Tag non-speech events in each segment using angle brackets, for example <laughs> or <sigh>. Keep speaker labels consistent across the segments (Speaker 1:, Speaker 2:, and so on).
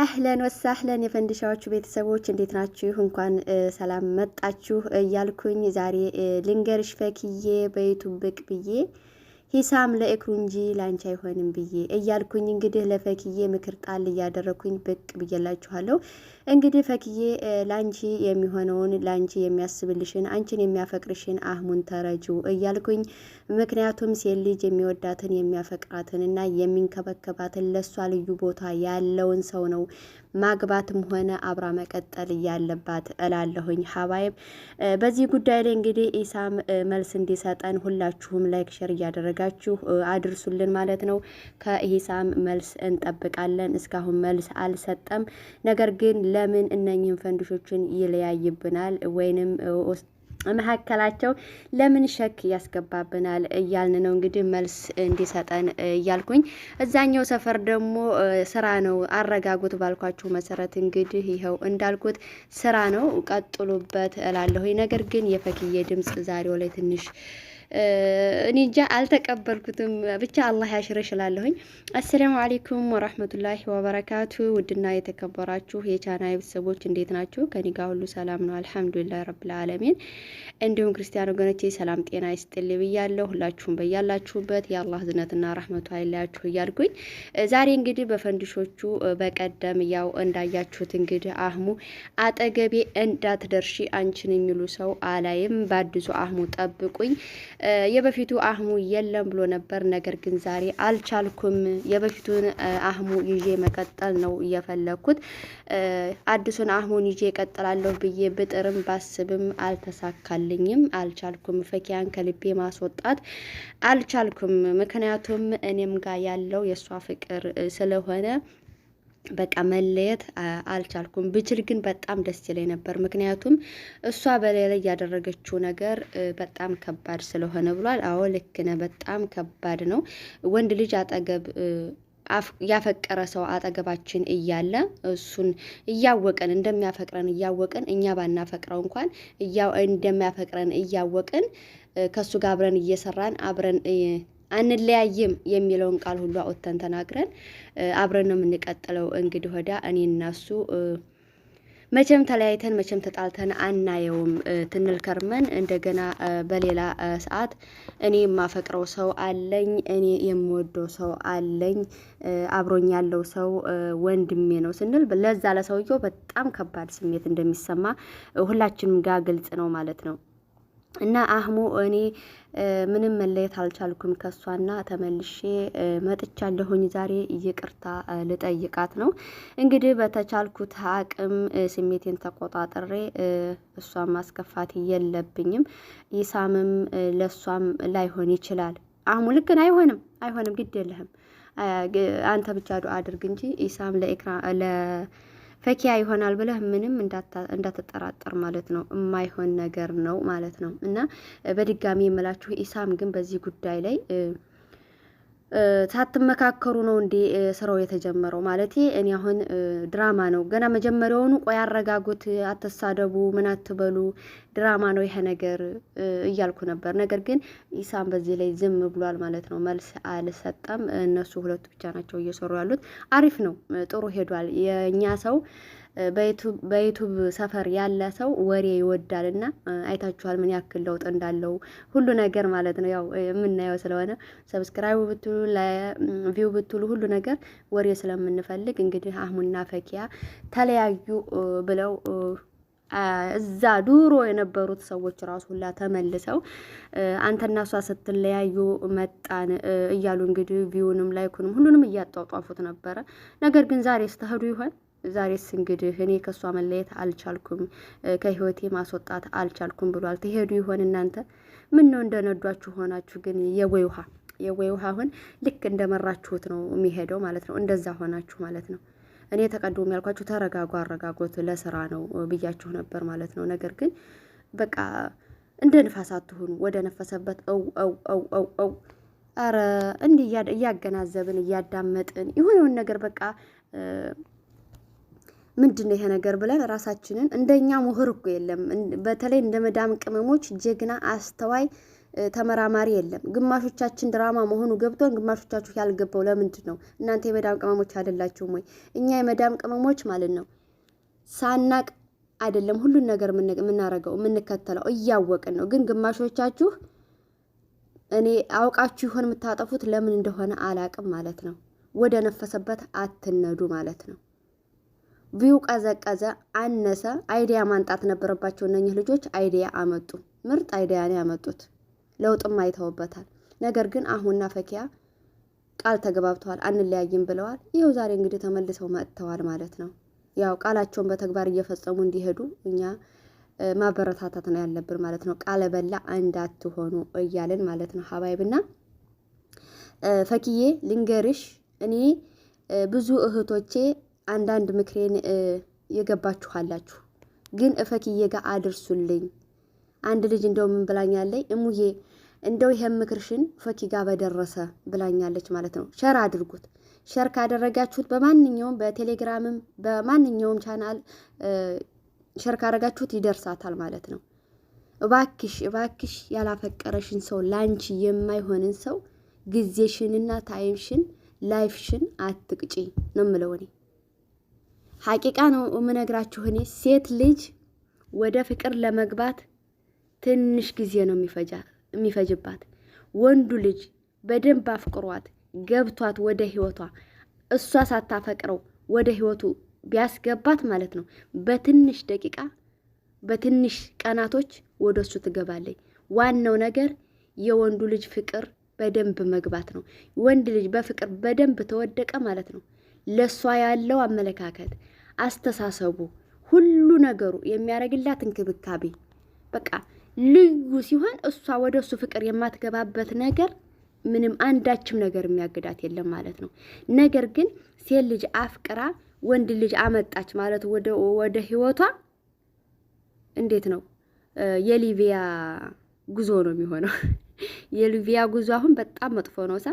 Speaker 1: አህለን ወሳህለን የፈንዲሻዎቹ ቤተሰቦች እንዴት ናችሁ? እንኳን ሰላም መጣችሁ እያልኩኝ ዛሬ ልንገርሽ ፈክዬ በዩቱብ ብቅ ብዬ ሂሳም ለእክሩ እንጂ ላንቺ አይሆንም ብዬ እያልኩኝ እንግዲህ ለፈክዬ ምክር ጣል እያደረኩኝ ብቅ ብዬላችኋለሁ። እንግዲህ ፈክዬ ላንቺ የሚሆነውን ላንቺ የሚያስብልሽን አንቺን የሚያፈቅርሽን አህሙን ተረጁ እያልኩኝ ምክንያቱም ሴት ልጅ የሚወዳትን የሚያፈቅራትን እና የሚንከበከባትን ለእሷ ልዩ ቦታ ያለውን ሰው ነው ማግባትም ሆነ አብራ መቀጠል ያለባት እላለሁኝ። ሀባይም በዚህ ጉዳይ ላይ እንግዲህ ኢሳም መልስ እንዲሰጠን ሁላችሁም ላይክ፣ ሸር እያደረጋችሁ አድርሱልን ማለት ነው። ከኢሳም መልስ እንጠብቃለን። እስካሁን መልስ አልሰጠም፣ ነገር ግን ለምን እነኝህን ፈንዱሾችን ይለያይብናል ወይንም መካከላቸው ለምን ሸክ ያስገባብናል እያልን ነው እንግዲህ መልስ እንዲሰጠን እያልኩኝ እዛኛው ሰፈር ደግሞ ስራ ነው አረጋጉት ባልኳችሁ መሰረት እንግዲህ ይኸው እንዳልኩት ስራ ነው ቀጥሉበት እላለሁኝ ነገር ግን የፈክዬ ድምፅ ዛሬው ላይ ትንሽ እኔ እንጃ አልተቀበልኩትም። ብቻ አላህ ያሽረሽ እላለሁኝ። አሰላሙ አሌይኩም ወራህመቱላሂ ወበረካቱ። ውድና የተከበራችሁ የቻና ቤተሰቦች እንዴት ናችሁ? ከኔ ጋር ሁሉ ሰላም ነው አልሐምዱሊላህ ረብል እንዲሁም ክርስቲያን ወገኖቼ ሰላም ጤና ይስጥልኝ ብያለሁ። ሁላችሁም በያላችሁበት የአላህ ዝነትና ረህመቱ አይለያችሁ እያልኩኝ ዛሬ እንግዲህ በፈንዲሾቹ በቀደም ያው እንዳያችሁት እንግዲህ አህሙ አጠገቤ እንዳትደርሺ አንቺን የሚሉ ሰው አላይም፣ በአዲሱ አህሙ ጠብቁኝ የበፊቱ አህሙ የለም ብሎ ነበር። ነገር ግን ዛሬ አልቻልኩም፣ የበፊቱን አህሙ ይዤ መቀጠል ነው እየፈለግኩት። አዲሱን አህሙን ይዤ እቀጥላለሁ ብዬ ብጥርም ባስብም አልተሳካልኝም፣ አልቻልኩም። ፈኪያን ከልቤ ማስወጣት አልቻልኩም። ምክንያቱም እኔም ጋር ያለው የእሷ ፍቅር ስለሆነ በቃ መለየት አልቻልኩም። ብችል ግን በጣም ደስ ይለኝ ነበር። ምክንያቱም እሷ በላይ ላይ ያደረገችው ነገር በጣም ከባድ ስለሆነ ብሏል። አዎ ልክ ነህ። በጣም ከባድ ነው። ወንድ ልጅ አጠገብ ያፈቀረ ሰው አጠገባችን እያለ እሱን እያወቀን እንደሚያፈቅረን እያወቅን እኛ ባናፈቅረው እንኳን እንደሚያፈቅረን እያወቅን ከእሱ ጋር አብረን እየሰራን አብረን አንለያይም የሚለውን ቃል ሁሉ አውጥተን ተናግረን አብረን ነው የምንቀጥለው። እንግዲህ ወዳ እኔ እናሱ መቼም ተለያይተን መቼም ተጣልተን አናየውም ትንል ከርመን እንደገና በሌላ ሰዓት እኔ የማፈቅረው ሰው አለኝ፣ እኔ የምወደው ሰው አለኝ፣ አብሮኝ ያለው ሰው ወንድሜ ነው ስንል ለዛ ለሰውየው በጣም ከባድ ስሜት እንደሚሰማ ሁላችንም ጋር ግልጽ ነው ማለት ነው። እና አህሙ እኔ ምንም መለየት አልቻልኩም ከሷና ተመልሼ መጥቻለሁኝ። ዛሬ ይቅርታ ልጠይቃት ነው እንግዲህ በተቻልኩት አቅም ስሜቴን ተቆጣጥሬ እሷን ማስከፋት የለብኝም። ይሳምም ለእሷም ላይሆን ይችላል። አህሙ ልክ ነው። አይሆንም፣ አይሆንም፣ ግድ የለህም አንተ ብቻ ዱአ አድርግ እንጂ ኢሳም ለኢክራ ፈኪያ ይሆናል ብለህ ምንም እንዳትጠራጠር ማለት ነው። የማይሆን ነገር ነው ማለት ነው። እና በድጋሚ የምላችሁ ኢሳም ግን በዚህ ጉዳይ ላይ ሳትመካከሩ ነው እንዴ ስራው የተጀመረው? ማለት እኔ አሁን ድራማ ነው ገና መጀመሪያውኑ። ቆይ አረጋጉት፣ አትሳደቡ፣ ምን አትበሉ፣ ድራማ ነው ይሄ ነገር እያልኩ ነበር። ነገር ግን ኢሳም በዚህ ላይ ዝም ብሏል ማለት ነው፣ መልስ አልሰጠም። እነሱ ሁለቱ ብቻ ናቸው እየሰሩ ያሉት። አሪፍ ነው፣ ጥሩ ሄዷል የእኛ ሰው በዩቱብ ሰፈር ያለ ሰው ወሬ ይወዳል እና አይታችኋል፣ ምን ያክል ለውጥ እንዳለው ሁሉ ነገር ማለት ነው። ያው የምናየው ስለሆነ ሰብስክራይብ ብትሉ ቪው ብትሉ ሁሉ ነገር ወሬ ስለምንፈልግ እንግዲህ አህሙና ፈኪያ ተለያዩ ብለው እዛ ድሮ የነበሩት ሰዎች ራሱ ሁላ ተመልሰው አንተና እሷ ስትለያዩ መጣን እያሉ እንግዲህ ቪውንም ላይኩንም ሁሉንም እያጧጧፉት ነበረ። ነገር ግን ዛሬ ስተሄዱ ይሆን? ዛሬስ እንግዲህ እኔ ከእሷ መለየት አልቻልኩም፣ ከህይወቴ ማስወጣት አልቻልኩም ብሏል። ትሄዱ ይሆን እናንተ? ምን ነው እንደነዷችሁ ሆናችሁ ግን የወይ ውሃ የወይ ውሃ አሁን ልክ እንደመራችሁት ነው የሚሄደው ማለት ነው። እንደዛ ሆናችሁ ማለት ነው። እኔ ተቀድሞ ያልኳችሁ ተረጋጉ፣ አረጋጎት ለስራ ነው ብያችሁ ነበር ማለት ነው። ነገር ግን በቃ እንደ ንፋስ አትሆኑ። ወደ ነፈሰበት ው ው ው ው ው አረ እንዲህ እያገናዘብን እያዳመጥን የሆነውን ነገር በቃ ምንድን ነው ይሄ ነገር ብለን ራሳችንን እንደኛ ምሁር እኮ የለም። በተለይ እንደ መዳም ቅመሞች ጀግና አስተዋይ ተመራማሪ የለም። ግማሾቻችን ድራማ መሆኑ ገብቶን ግማሾቻችሁ ያልገባው ለምንድን ነው? እናንተ የመዳም ቅመሞች አይደላችሁም ወይ? እኛ የመዳም ቅመሞች ማለት ነው ሳናቅ አይደለም ሁሉን ነገር የምናረገው የምንከተለው እያወቅን ነው። ግን ግማሾቻችሁ እኔ አውቃችሁ ይሆን የምታጠፉት ለምን እንደሆነ አላቅም ማለት ነው። ወደ ነፈሰበት አትነዱ ማለት ነው። ቪው ቀዘቀዘ አነሰ። አይዲያ ማንጣት ነበረባቸው እነኚህ ልጆች። አይዲያ አመጡ። ምርጥ አይዲያ ነው ያመጡት። ለውጥም አይተውበታል። ነገር ግን አሁንና ፈኪያ ቃል ተገባብተዋል፣ አንለያይም ብለዋል። ይኸው ዛሬ እንግዲህ ተመልሰው መጥተዋል ማለት ነው። ያው ቃላቸውን በተግባር እየፈጸሙ እንዲሄዱ እኛ ማበረታታት ነው ያለብን ማለት ነው። ቃለ በላ እንዳትሆኑ እያልን ማለት ነው። ሀባይብና ፈኪዬ ልንገርሽ እኔ ብዙ እህቶቼ አንዳንድ ምክሬን የገባችኋላችሁ ግን እፈክዬ ጋር አድርሱልኝ። አንድ ልጅ እንደው ምን ብላኛለች? እሙዬ እንደው ይሄን ምክርሽን ፈኪ ጋር በደረሰ ብላኛለች ማለት ነው። ሸር አድርጉት። ሸር ካደረጋችሁት በማንኛውም በቴሌግራምም በማንኛውም ቻናል ሸር ካደረጋችሁት ይደርሳታል ማለት ነው። እባክሽ እባክሽ ያላፈቀረሽን ሰው ላንቺ የማይሆንን ሰው ጊዜሽንና ታይምሽን ላይፍሽን አትቅጪ ነው የምለው እኔ። ሀቂቃ ነው የምነግራችሁ። እኔ ሴት ልጅ ወደ ፍቅር ለመግባት ትንሽ ጊዜ ነው የሚፈጅባት። ወንዱ ልጅ በደንብ አፍቅሯት ገብቷት ወደ ህይወቷ እሷ ሳታፈቅረው ወደ ህይወቱ ቢያስገባት ማለት ነው በትንሽ ደቂቃ በትንሽ ቀናቶች ወደ እሱ ትገባለች። ዋናው ነገር የወንዱ ልጅ ፍቅር በደንብ መግባት ነው። ወንድ ልጅ በፍቅር በደንብ ተወደቀ ማለት ነው ለእሷ ያለው አመለካከት፣ አስተሳሰቡ፣ ሁሉ ነገሩ የሚያደርግላት እንክብካቤ በቃ ልዩ ሲሆን እሷ ወደ እሱ ፍቅር የማትገባበት ነገር ምንም አንዳችም ነገር የሚያግዳት የለም ማለት ነው። ነገር ግን ሴት ልጅ አፍቅራ ወንድ ልጅ አመጣች ማለት ወደ ህይወቷ እንዴት ነው የሊቪያ ጉዞ ነው የሚሆነው። <laughs> የሊቪያ ጉዞ አሁን በጣም መጥፎ ነው ሳ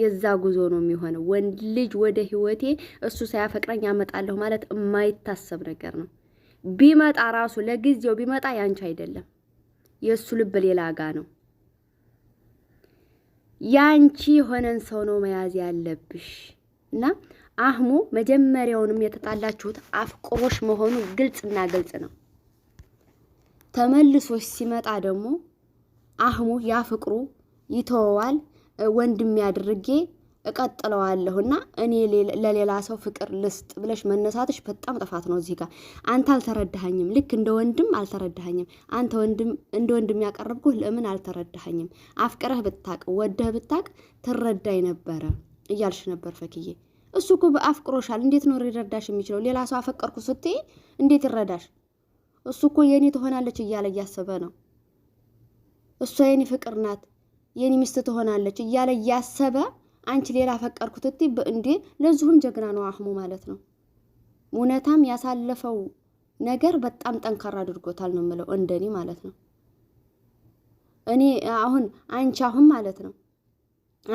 Speaker 1: የዛ ጉዞ ነው የሚሆነው። ወንድ ልጅ ወደ ህይወቴ እሱ ሳያፈቅረኝ ያመጣለሁ ማለት የማይታሰብ ነገር ነው። ቢመጣ ራሱ ለጊዜው ቢመጣ ያንቺ አይደለም፣ የእሱ ልብ ሌላ ጋ ነው። ያንቺ የሆነን ሰው ነው መያዝ ያለብሽ እና አህሙ መጀመሪያውንም የተጣላችሁት አፍቅሮሽ መሆኑ ግልጽና ግልጽ ነው። ተመልሶች ሲመጣ ደግሞ አህሙ ያፍቅሩ ፍቅሩ ይተወዋል። ወንድሜ አድርጌ እቀጥለዋለሁና እኔ ለሌላ ሰው ፍቅር ልስጥ ብለሽ መነሳትሽ በጣም ጥፋት ነው። እዚህ ጋር አንተ አልተረዳኸኝም፣ ልክ እንደ ወንድም አልተረዳኸኝም። አንተ ወንድም እንደ ወንድም ያቀረብኩህ ለምን አልተረዳኸኝም? አፍቅረህ ብታቅ ወደህ ብታቅ ትረዳኝ ነበረ እያልሽ ነበር ፈክዬ። እሱ እኮ አፍቅሮሻል። እንዴት ነው ሊረዳሽ የሚችለው? ሌላ ሰው አፈቀርኩ ስትይ እንዴት ይረዳሽ? እሱ እኮ የእኔ ትሆናለች እያለ እያሰበ ነው። እሷ የኔ ፍቅር ናት የኔ ሚስት ትሆናለች እያለ እያሰበ አንቺ ሌላ ፈቀርኩት እቴ እንዴ! ለዚሁም ጀግና ነው አህሙ ማለት ነው። እውነታም ያሳለፈው ነገር በጣም ጠንካራ አድርጎታል ነው የምለው እንደኔ ማለት ነው። እኔ አሁን አንቺ አሁን ማለት ነው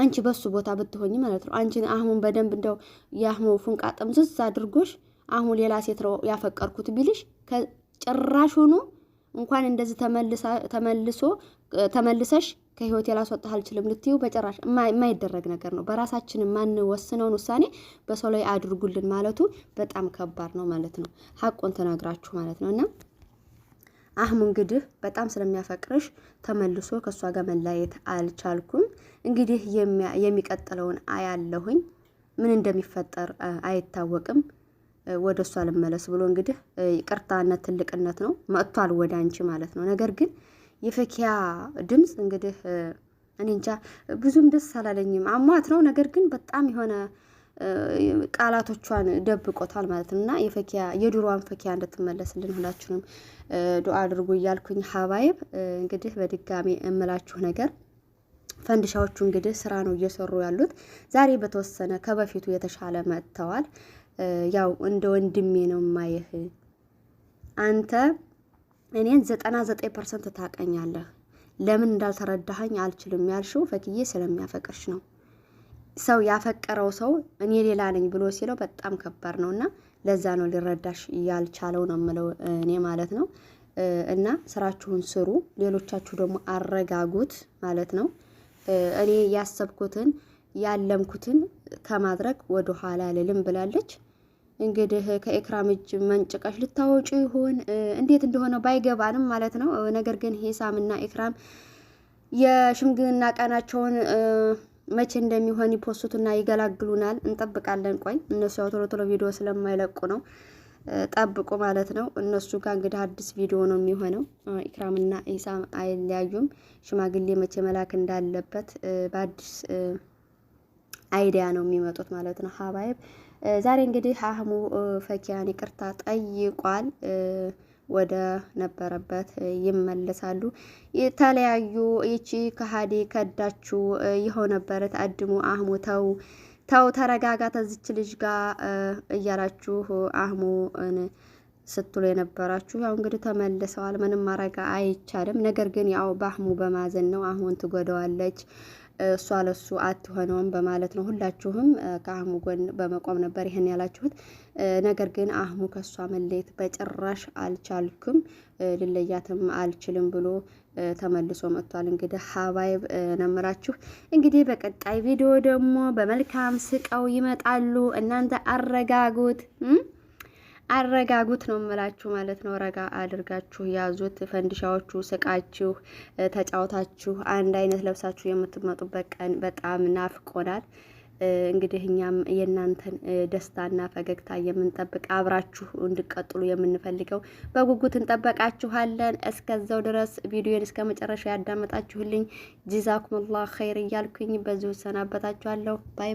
Speaker 1: አንቺ በሱ ቦታ ብትሆኝ ማለት ነው አንቺን አህሙን በደንብ እንደው የአህሙ ፉንቃ ጥምዝዝ አድርጎሽ አህሙ ሌላ ሴት ነው ያፈቀርኩት ቢልሽ ከጭራሽ ሆኖ እንኳን እንደዚህ ተመልሶ ተመልሰሽ ከህይወት ላስወጣህ አልችልም ልትዩ በጭራሽ የማይደረግ ነገር ነው። በራሳችን የማንወስነውን ውሳኔ በሰው ላይ አድርጉልን ማለቱ በጣም ከባድ ነው ማለት ነው። ሀቁን ተናግራችሁ ማለት ነው እና አህሙ እንግዲህ በጣም ስለሚያፈቅርሽ ተመልሶ ከእሷ ጋር መለያየት አልቻልኩም። እንግዲህ የሚቀጥለውን አያለሁኝ ምን እንደሚፈጠር አይታወቅም። ወደ እሷ ልመለስ ብሎ እንግዲህ ይቅርታነት ትልቅነት ነው መጥቷል ወደ አንቺ ማለት ነው ነገር ግን የፈኪያ ድምፅ እንግዲህ እኔ እንጃ ብዙም ደስ አላለኝም። አሟት ነው፣ ነገር ግን በጣም የሆነ ቃላቶቿን ደብቆታል ማለት ነው እና የፈኪያ የድሮዋን ፈኪያ እንድትመለስልን ሁላችሁንም ዱ አድርጉ እያልኩኝ ሀባይብ እንግዲህ በድጋሚ እምላችሁ ነገር ፈንድሻዎቹ እንግዲህ ስራ ነው እየሰሩ ያሉት። ዛሬ በተወሰነ ከበፊቱ የተሻለ መጥተዋል። ያው እንደ ወንድሜ ነው ማየህ አንተ እኔን ዘጠና ዘጠኝ ፐርሰንት ታቀኛለህ። ለምን እንዳልተረዳኸኝ አልችልም ያልሽው ፈክዬ ስለሚያፈቅርሽ ነው። ሰው ያፈቀረው ሰው እኔ ሌላ ነኝ ብሎ ሲለው በጣም ከባድ ነው እና ለዛ ነው ሊረዳሽ ያልቻለው ነው የምለው እኔ ማለት ነው። እና ስራችሁን ስሩ፣ ሌሎቻችሁ ደግሞ አረጋጉት ማለት ነው። እኔ ያሰብኩትን ያለምኩትን ከማድረግ ወደኋላ ልልም ብላለች። እንግዲህ ከኤክራም እጅ መንጭቀሽ ልታወጪ ይሆን እንዴት እንደሆነ ባይገባንም ማለት ነው። ነገር ግን ሂሳምና ኤክራም የሽምግልና ቀናቸውን መቼ እንደሚሆን ይፖስቱና ይገላግሉናል። እንጠብቃለን። ቆይ እነሱ ያው ቶሎ ቶሎ ቪዲዮ ስለማይለቁ ነው። ጠብቁ ማለት ነው። እነሱ ጋር እንግዲህ አዲስ ቪዲዮ ነው የሚሆነው። ኢክራምና ኢሳም አይለያዩም። ሽማግሌ መቼ መላክ እንዳለበት በአዲስ አይዲያ ነው የሚመጡት ማለት ነው ሀባይብ ዛሬ እንግዲህ አህሙ ፈኪያን ይቅርታ ጠይቋል። ወደ ነበረበት ይመለሳሉ። የተለያዩ ይቺ ከሀዲ ከዳችሁ የሆነ በረት አድሙ አህሙ ተው ተው ተረጋጋ ተዝች ልጅ ጋር እያላችሁ አህሙ ስትሉ የነበራችሁ ያው እንግዲህ ተመልሰዋል። ምንም ማረጋ አይቻልም። ነገር ግን ያው በአህሙ በማዘን ነው አህሙን ትጎደዋለች እሷ ለሱ አትሆነውም በማለት ነው ሁላችሁም ከአህሙ ጎን በመቆም ነበር ይህን ያላችሁት። ነገር ግን አህሙ ከእሷ መለየት በጭራሽ አልቻልኩም ልለያትም አልችልም ብሎ ተመልሶ መጥቷል። እንግዲህ ሀባይብ ነምራችሁ እንግዲህ በቀጣይ ቪዲዮ ደግሞ በመልካም ስቀው ይመጣሉ። እናንተ አረጋጉት። አረጋጉት ነው የምላችሁ ማለት ነው። ረጋ አድርጋችሁ ያዙት። ፈንዲሻዎቹ ስቃችሁ፣ ተጫውታችሁ፣ አንድ አይነት ለብሳችሁ የምትመጡበት ቀን በጣም ናፍቆናል። እንግዲህ እኛም የእናንተን ደስታና ፈገግታ የምንጠብቅ አብራችሁ እንድቀጥሉ የምንፈልገው በጉጉት እንጠበቃችኋለን። እስከዛው ድረስ ቪዲዮን እስከ መጨረሻ ያዳመጣችሁልኝ ጂዛኩሙላህ ኸይር እያልኩኝ በዚሁ እሰናበታችኋለሁ ባይ